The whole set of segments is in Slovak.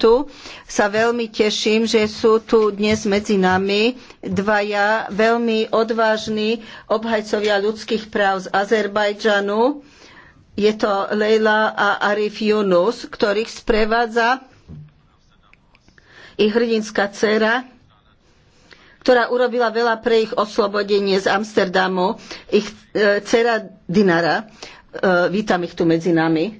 debatu. Sa veľmi teším, že sú tu dnes medzi nami dvaja veľmi odvážni obhajcovia ľudských práv z Azerbajdžanu. Je to Leila a Arif Yunus, ktorých sprevádza ich hrdinská dcéra, ktorá urobila veľa pre ich oslobodenie z Amsterdamu, ich e, dcera Dinara. E, vítam ich tu medzi nami.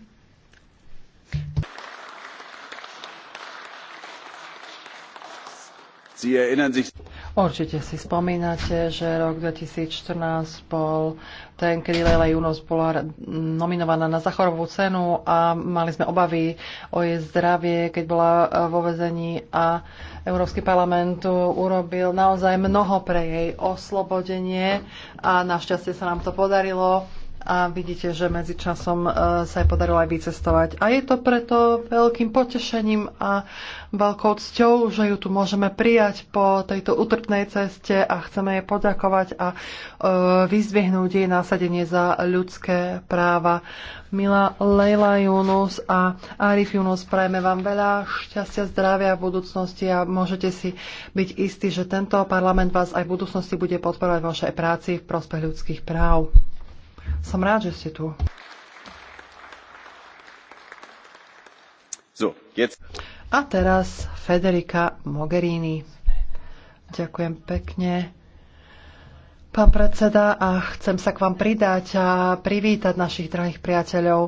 Určite si spomínate, že rok 2014 bol ten, kedy Leila Junos bola nominovaná na Zachorovú cenu a mali sme obavy o jej zdravie, keď bola eh, vo vezení a Európsky parlament urobil naozaj mnoho pre jej oslobodenie a našťastie sa nám to podarilo a vidíte, že medzičasom e, sa aj podarilo aj vycestovať. A je to preto veľkým potešením a veľkou cťou, že ju tu môžeme prijať po tejto utrpnej ceste a chceme jej poďakovať a e, vyzdvihnúť jej násadenie za ľudské práva. Milá Leila Junus a Arif Junus, prajeme vám veľa šťastia, zdravia v budúcnosti a môžete si byť istí, že tento parlament vás aj v budúcnosti bude podporovať v vašej práci v prospech ľudských práv. Som rád, že ste tu. So, jetzt. A teraz Federica Mogherini. Ďakujem pekne. Pán predseda, a chcem sa k vám pridať a privítať našich drahých priateľov.